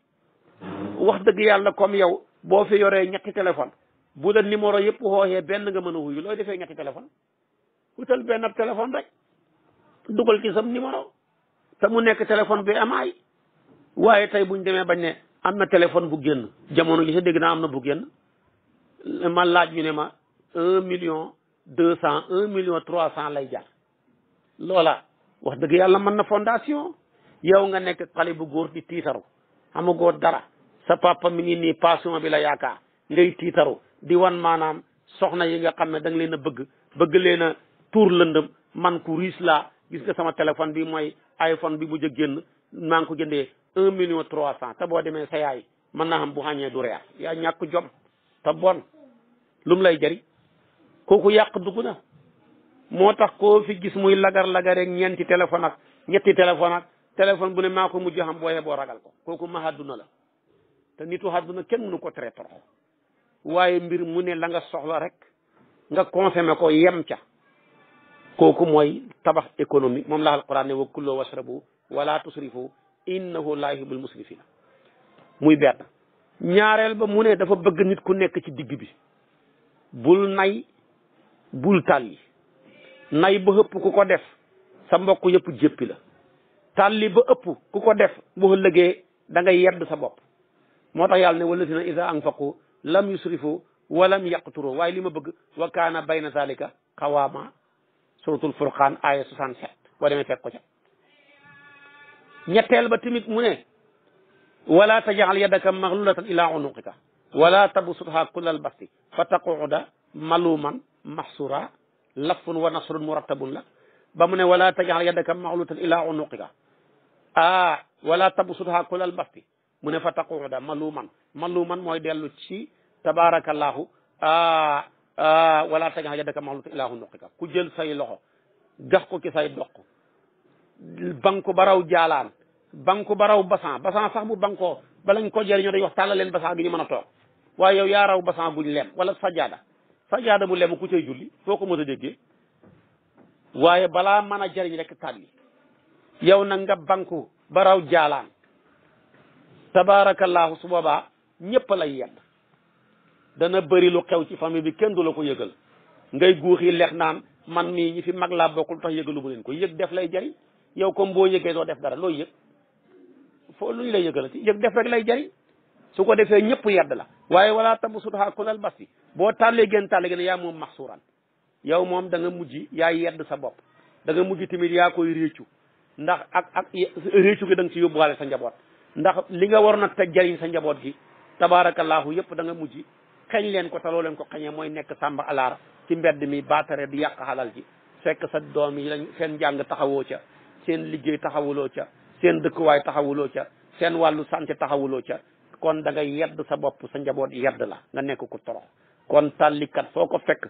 [SPEAKER 1] wax dëgg yàlla koom yow boo fi yoree ñetti téléphone bu la numéro yëpp xooxee benn nga mën a wuyu looy defee ñetti téléphone wutal benn ab téléphone rek dugal ci sam numéro te mu nekk téléphone bi am ay waaye tey buñ demee bañ ne am na téléphone bu génn jamono ji sa dégg naa am na bu génn ma laaj ñu ne ma un million deux cent un million trois cent lay jar loola wax dëgg yàlla mën na fondation yow nga nekk xale bu góor di tiitaru amagoo dara sa papa mi ngi nii passion bi la yaakaar ngay tiitaru di wan maanaam soxna yi nga xam ne da leen a bëgg bëgg leen tuur lëndëm man ku riis laa gis nga sama téléphone bi mooy iPhone bi bu jë génn maa ngi ko jëndee un million trois cent te boo demee sa yaay mën naa xam bu xàññee du reer yaa ñàkk jom te bon lum lay jëriñ kooku yàq dugg na moo tax koo fi gis muy lagar-lagareeg ñeenti téléphone ak ñetti téléphone ak téléphone bu ne maa ko mujj xam boo yeboo ragal ko kooku ma àdduna la te nitu àdduna kenn mënu ko tere torox waaye mbir mu ne la nga soxla rek nga consommé ko yem ca kooku mooy tabax économique moom la alquran ne wa kulloo washrabu wala tusrifu innahu laa yuhibbul musrifina muy benn ñaareel ba mu ne dafa bëgg nit ku nekk ci digg bi bul nay bul yi nay ba ëpp ku ko def sa mbokk yëpp jéppi la tàlli ba ëpp ku ko def boo ëllëgee da ngay yedd sa bopp moo tax yàlla ne walladina ida anfaqu lam yusrifu walam yaqturu waaye li ma bëgg wakaana kaana bayna zalika xawaama suratul furqaan aaya 67 boo demee fekk ko ca ñetteel ba tamit mu ne wala tajal yadaka maglulatan ila unuqika wala tabsutha kullal basti fa taquda maluman mahsura lafun wa nasrun murattabun la ba mu ne wala tajal yadaka maglulatan ila unuqika ah wala tabsutha kullal basti mu ne fa taquda maluman maluman mooy dellu ci tabarakallahu Ah, wala tajal yadaka maxluta ilaa unuqika ku jël say loxo gax ko ki say doq banku baraw jaalaan banku baraw basan basan sax bu bankoo balañ ko jëriñoo dañuy wax tàllal leen basan gi ñu mën a toog waaye yow yaa raw basan guñ lem wala sajaada sajaada bu lemu ku cay julli foo ko mën a déggee waaye balaa mën a jariñ rek tàlli yow nag nga banku baraw jaalaan tabaarakallaahu su boobaa ñëpp lay yedd dana bëri lu xew ci famille bi kenn du la ko yëgal ngay guuxi lex naan man mii ñi fi mag laa bokkul tax yëgalu bu leen ko yëg def lay jariñ yow comme boo yëgee doo def dara looy yëg foo luñ lay yëgalati yëg def rek lay jariñ su ko defee ñëpp yedd la waaye wala tabsuthaa kullal basti boo tàllee gën tàllee gën yaa moom maxsuuran yow moom da nga mujj yaa yedd sa bopp da nga mujj tamit yaa koy réccu ndax ak ak réccu gi da nga ci yóbbuwaale sa njaboot ndax li nga waroon a te jariñ sa njaboot gi tabaarakallaahu yëpp da nga mujj xeñ leen ko taloo leen ko xeñee mooy nekk sàmba alaar ci mbedd mi baataree di yàq xalal ji fekk sa doom yi lañ seen jàng taxawoo ca seen liggéey taxawuloo ca seen dëkkuwaay taxawuloo ca seen wàllu santé taxawuloo ca kon da ngay yedd sa bopp sa njaboot yedd la nga nekk ku torox kon tàllikat foo ko fekk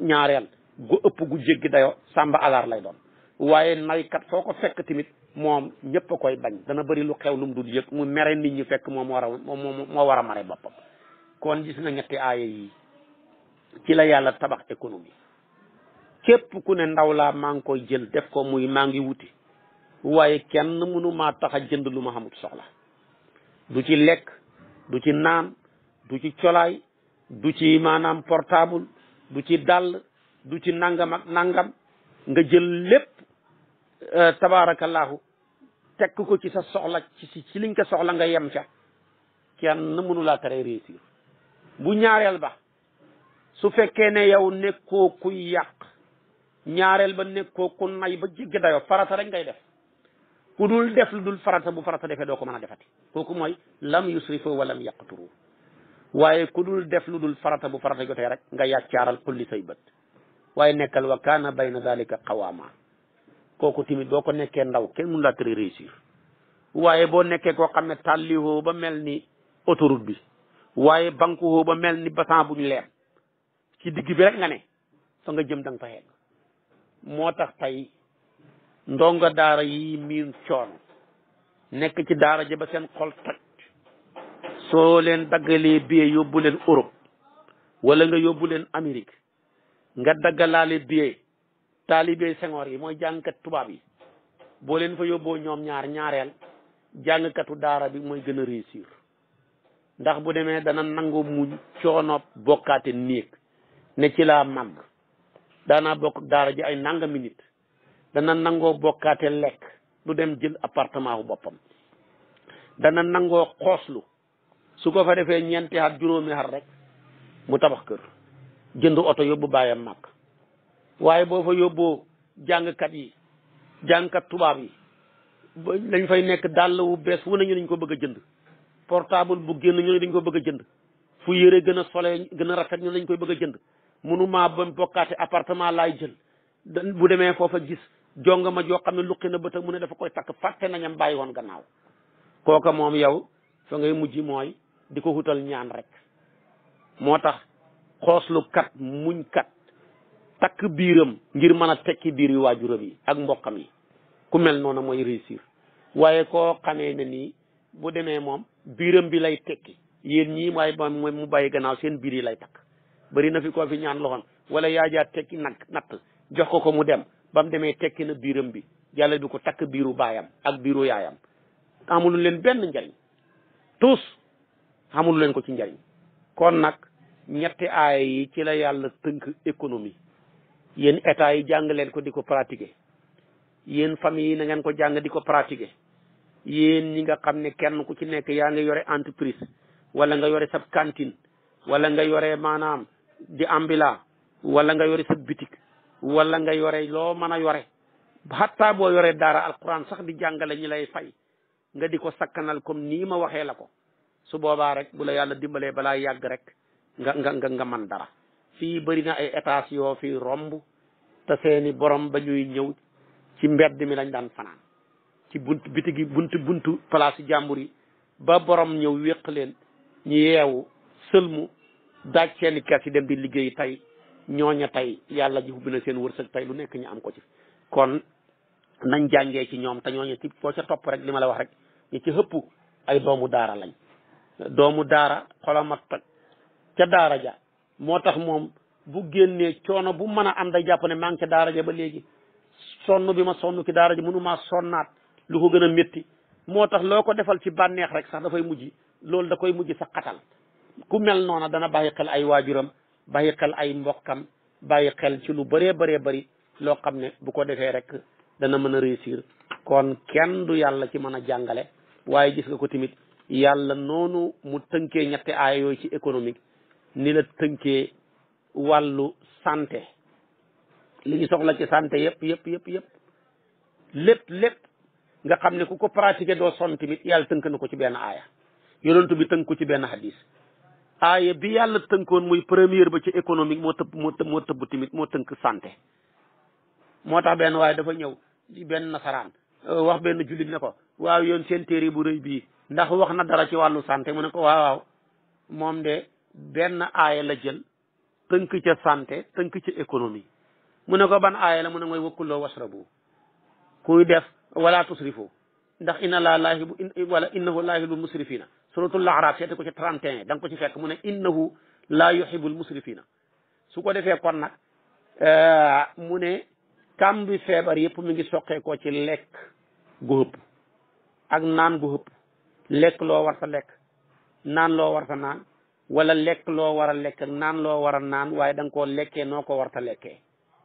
[SPEAKER 1] ñaareel gu ëpp gu jéggi dayo sàmba alaar lay doon waaye naykat foo ko fekk tamit moom ñëpp a koy bañ dana bari lu xew lu du dul mu mere nit ñi fekk moom moo war a moo moo war a mare boppam kon gis nga ñetti aaya yi ci la yàlla tabax économie képp ku ne ndaw laa maa ngi koy jël def ko muy maa ngi wuti waaye kenn mënu maa tax a jënd lu ma xamut soxla du ci lekk du ci naan du ci colaay du ci maanaam portable du ci dàll du ci nangama nangam nga jël lépp euh, tabaarakallaahu tekk ko ci sa soxla ci ci liñ ko soxla nga yem ca kenn mënu laa tere réussir bu ñaareel ba su fekkee ne yow nekkoo kuy yàq ñaareel ba nekkoo ku nay ba jéggi dayo farata rek ngay def ku dul def lu dul farata bu farata defee doo ko mën a defati kooku moy lam yusrifu wa lam yaqturu waaye ku dul def lu dul farata bu farata jotee rek nga yàccaaral xulli say bët waaye nekkal wa kaana bayna dalika qawaama kooku tamit boo ko nekkee ndaw kenn mun laa tere réussir waaye boo nekkee koo xam ne tàlliwoo ba mel ni autoroute bi waaye banquwoo ba mel ni basan bu ñu digg bi rek ne fa nga jëm da moo tax tey ndongo daara yi miin coono nekk ci daara ji ba seen xol toj soo leen daggalee billet yóbbu Europe wala nga yóbbuleen leen Amérique nga daggalaale billet taalibe Senghor yi mooy jàngkat tubaab yi boo leen fa yóbboo ñoom ñaar ñaareel jàngkatu daara bi mooy gën a réussir ndax bu demee dana nangu mu coono bokkaate néeg ne ci laa màgg daanaa bokk daara ji ay nangami nit dana nangoo bokkaate lekk du dem jël appartement wu boppam dana nangoo xooslu su ko fa defee ñeenti at juróomi at rek mu tabax kër jënd oto yóbbu bàyyam màgg waaye boo fa yóbboo jàngkat yi jàngkat tubaab yi lañ fay nekk dàll wu bees wu nañu dañ ko bëgg a jënd portable bu génn ñoo ne dañ ko bëgg a jënd fu yére gën a sole gën a rafet ñu ne dañ koy bëgg a jënd maa ba bokkaate appartement laay jël bu demee foofa gis jongama ma joo xam ne luqi na bët mu ne dafa koy takk fàtte nañam bàyyi woon gannaaw kooka moom yow fa ngay mujj mooy di ko wutal ñaan rek moo tax xooslu kat muñ kat takk biiram ngir mën a tekki biir yu waajuram yi ak mbokkam yi ku mel noonu mooy réussir waaye koo xamee ne nii bu demee moom biiram bi lay tekki yéen ñii waaye mooy mu bàyyi gannaaw seen biir yi lay takk bari na fi koo fi ñaan loxoon wala yaajaat tekki nag natt jox ko ko mu dem ba mu demee tekki na biiram bi yàlla du ko takk biiru baayam ak biiru yaayam amul leen benn njariñ tous amul leen ko ci njariñ kon nag ñetti aay yi ci la yàlla tënk économie yéen état yi jàng leen ko di ko pratiquer yéen famille yi na ngeen ko jàng di ko pratiquer yéen ñi nga xam ne kenn ku ci nekk yaa nga yore entreprise wala nga yore sab cantine wala nga yore maanaam di ambila wala nga yore sab boutique wala nga yore loo mën a yore xataa boo yoree daara alquran sax di jàngale ñu lay fay nga di ko sakkanal comme nii ma waxee la ko su boobaa rek bu la yàlla dimbalee balaa yàgg rek nga nga nga nga man dara fi bëri na ay étages yoo fi romb te seeni borom ba ñuy ñëw ci mbedd mi lañ daan fanaan ci bunt biti gi bunt buntu place yi jàmbur yi ba boroom ñëw wéq leen ñu yeewu sëlmu daaj seeni kers yi dem bi liggéey tey ñooña tey yàlla ji ubbi na seen wërsëg tey lu nekk ñu am ko ci kon nañ jàngee ci ñoom te ñooñu ci koo topp rek li ma la wax rek ñu ci hëpp ay doomu daara lañ doomu daara xolama toj ca daara ja moo tax moom bu génnee coono bu mën a am day jàpp ne maa ngi ca daara ja ba léegi sonn bi ma sonn ci daara ja mënu sonnaat lu ko gën a métti moo tax loo ko defal ci bànneex rek sax dafay mujj loolu da koy mujj sa xatal ku mel noona dana bàyyi xel ay waajuram bàyyi xel ay mbokkam bàyyi xel ci lu bëree bëree bari loo xam ne bu ko defee rek dana mën a réussir kon kenn du yàlla ci mën a jàngale waaye gis nga ko tamit yàlla noonu mu tënkee ñetti aaya yooyu ci économique ni la tënkee wàllu santé li ñu soxla ci santé yëpp yëpp yëpp lépp lépp nga xam ne ku ko pratiquer doo sonn tamit yàlla tënk na ko ci benn aaya yonentu bi tënk ko ci benn hadis aaya bi yàlla tënkoon muy première ba ci économique moo tëb moo moo tëbb tamit moo tënk santé moo tax benn waaye dafa ñëw benn nasaraan euh, wax benn jullit ne ko waaw yoon seen téere bu rëy bii ndax wax na dara ci wàllu santé mu ne ko waaw moom de benn aaya la jël tënk ca santé tënk ci économie mu ne ko ban aaya la mu ne mooy wëkkuloo wasrabu kuy def wala tusrifu ndax inna laa laahibu wala innahu laa yuhibul musrifina suratul araf seeti ko ci 31 da nga ko ci fekk mu ne innahu laa yuhibul musrifina su ko defee kon nag euh, mu ne kam bi feebar yëpp mi ngi soqee ko ci lekk gu hëpp ak naan gu hëpp lekk loo war lekk naan loo war sa naan wala lekk loo war lekk naan loo war a naan waaye da nga lekkee noo ko war ta lekkee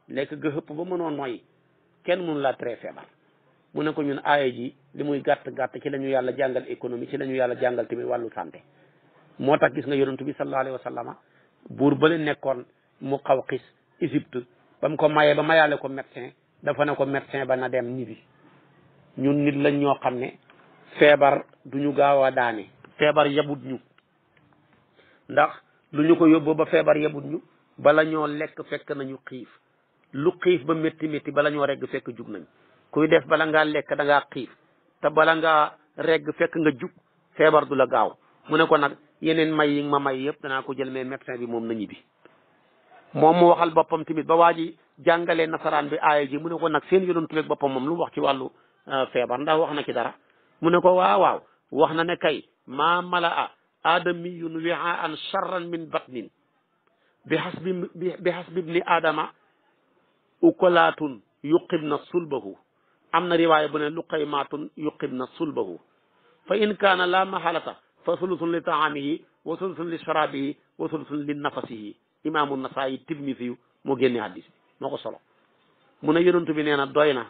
[SPEAKER 1] lekk ga hëpp ba mënoo noyyi kenn munu laa tere feebar mu ne ko ñun aaya ji li muy gàtt gàtt ci lañu yàlla jàngal économie ci la yàlla jàngal tamit wàllu santé moo tax gis nga yonent bi sallallahu alayhi wa sallama buur ba leen nekkoon mu xaw xis Égypte ba mu ko mayee ba mayaale ko médecin dafa ne ko médecin ba na dem bi ñun nit lañ ñoo xam ne feebar du ñu gaaw a daane feebar yabut ñu ndax lu ñu ko yóbboo ba feebar yabut ñu bala ñoo lekk fekk nañu xiif lu xiif ba métti métti bala ñoo regg fekk jug nañ kuy def bala ngaa lekk danga ngaa xiif te bala ngaa regg fekk nga jug feebar du la gaaw mu ne ko nag yeneen may yi ma may yëpp danaa ko jël mais médecin bi moom na ñibbi moom mu waxal boppam tamit ba waa ji jàngalee nasaraan bi aaya mu ne ko nag seen yonent bi boppam moom lu wax ci wàllu euh, feebar ndax wax na ci dara mu ne ko waaw waaw wax na ne kay ma malaa aadamiyun wiaan charran min batnin bi hasbi bi hasbi ibni aadama ukalaatun yuqib na sulbahu am na riwaaya bu ne luqaymaatun yuqibna sulbahu fa in kaana la mahalata fa sulusun li taamihi wa sulusun li sharabihi wa sulusun li nafasihi imaamu nasaayi tirmisi yu moo génne hadis bi moo ko solo mu ne yonent bi nee na doy na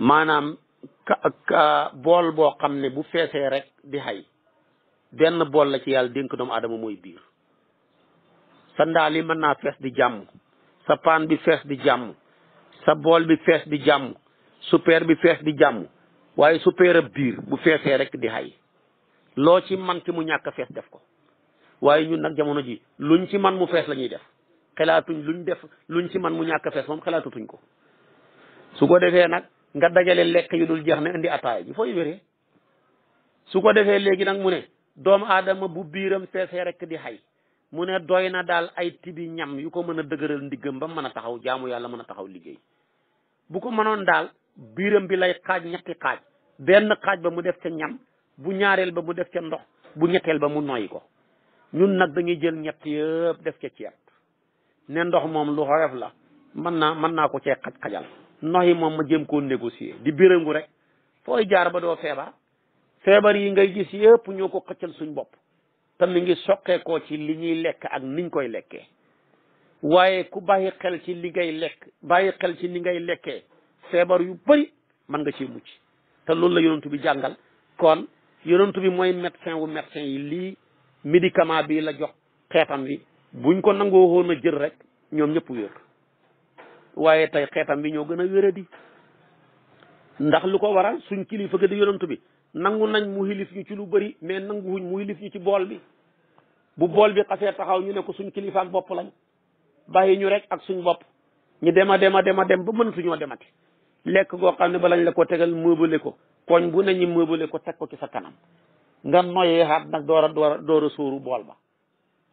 [SPEAKER 1] maanaam ka bool boo xam ne bu feesee rek di xay benn bool la ci yàlla dénk doomu adama mooy biir sa ndaal yi fees di jàmm sa paan bi fees di jàmm sa bool bi fees di jàmm super bi fees di jàmm waaye super ab biir bu feesee rek di hay loo ci man ci mu ñàkk fees def ko waaye ñun nag jamono ji luñ ci man mu fees la ñuy def xelaatuñ luñ def luñ ci man mu ñàkk fees moom xelaatutuñ ko su ko defee nag nga dajale lekk yu dul jeex ne indi ataaya ji fooy wéree su ko defee léegi nag mu ne doomu aadama bu biiram feesee rek di hay mu ne doy na daal ay tibi ñam yu ko mën a dëgëral ndiggam ba mën a taxaw jaamu yàlla mën a taxaw liggéey bu ko mënoon daal biiram bi lay xaaj ñetti xaaj benn xaaj ba mu def ca ñam bu ñaareel ba mu def ca ndox bu ñetteel ba mu noyyi ko ñun nag dañuy jël ñett yëpp def ca ceeb ne ndox moom lu xoyof la mën naa mën naa ko cee xaj-xajal ndox yi moom ma jëm koo négocier di birangu rek fooy jaar ba doo feebar feebar yi ngay gis yëpp ñoo ko xëccal suñ bopp te mi ngi soqeekoo ci li ñuy lekk ak niñ koy lekkee waaye ku bàyyi xel ci li ngay lekk bàyyi xel ci li ngay lekkee feebar yu bëri man nga ci mucc te loolu la yonent bi jàngal kon yonent bi mooy médecin wu médecin yi lii médicament bi la jox xeetam bi buñ ko nangoo woon jël rek ñoom ñëpp wér waaye tey xeetam bi ñoo gën a wéradi ndax lu ko waral suñ kilifa ga di yonent bi nangu nañ mu xilif ñu ci lu bëri mais nanguwuñ mu xilif ñu ci bool bi bu bool bi xasee taxaw ñu ne ko suñ kilifaak bopp lañ bàyyi ñu rek ak suñ bopp ñu dem a dem a dem a dem ba mënatuñoo demati lekk goo xam ne ba balañ la ko tegal mëbale ko koñ bu nañu mëbale ko teg ko ci sa kanam nga noyee xaat nag door a door door a sóoru bool ba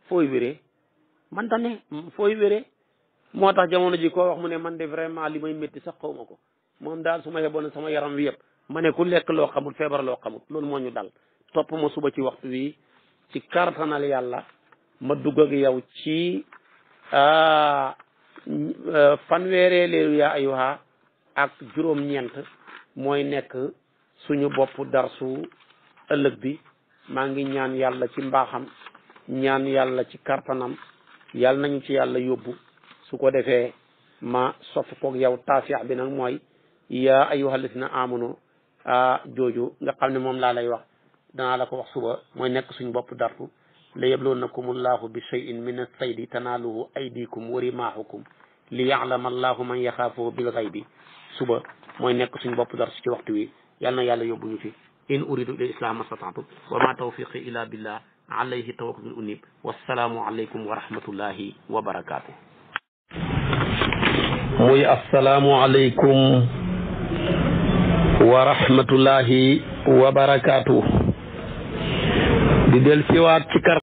[SPEAKER 1] fooy wéree man ta ne mm, fooy wéree moo tax jamono ji ko wax mu ne man de vraiment li may métti sax xaw ma ko moom daal su ma yeboon sama yaram wi yëpp ma ne ku lekk loo xamul feebar loo xamul loolu moo ñu dal topp ma suba ci waxtu wi ci kartanal yàlla ma fanweereeleelu yaa waxa ak juróom-ñeent mooy nekk suñu bopp darsu ëllëg bi maa ngi ñaan yàlla ci mbaaxam ñaan yàlla ci kartanam yàlla nañu ci yàlla yóbbu su ko defee ma sopp koog yow taasiya bi nag mooy yaa ayuha na amanu jooju nga xam ne moom laa lay wax danaa la ko wax suba mooy nekk suñu bopp darsu la yabluwannakum allahu bi cheyin min assaydi tanaaluhu aydikum wa rimaahukum li yaalama allahu man yaxaafuhu bil xaybi suba mooy nekk suñ bopp dars ci waxtu wi yal na yàlla yóbbu ñu fi in uridu ila islam mastataatu wa ma tawfiqi ila billah alayhi tawakkaltu unib wassalaamu aleykum wa rahmatullahi wa barakaatu muy assalaamu aleykum wa rahmatullahi wa barakaatu di del siwaat ci kar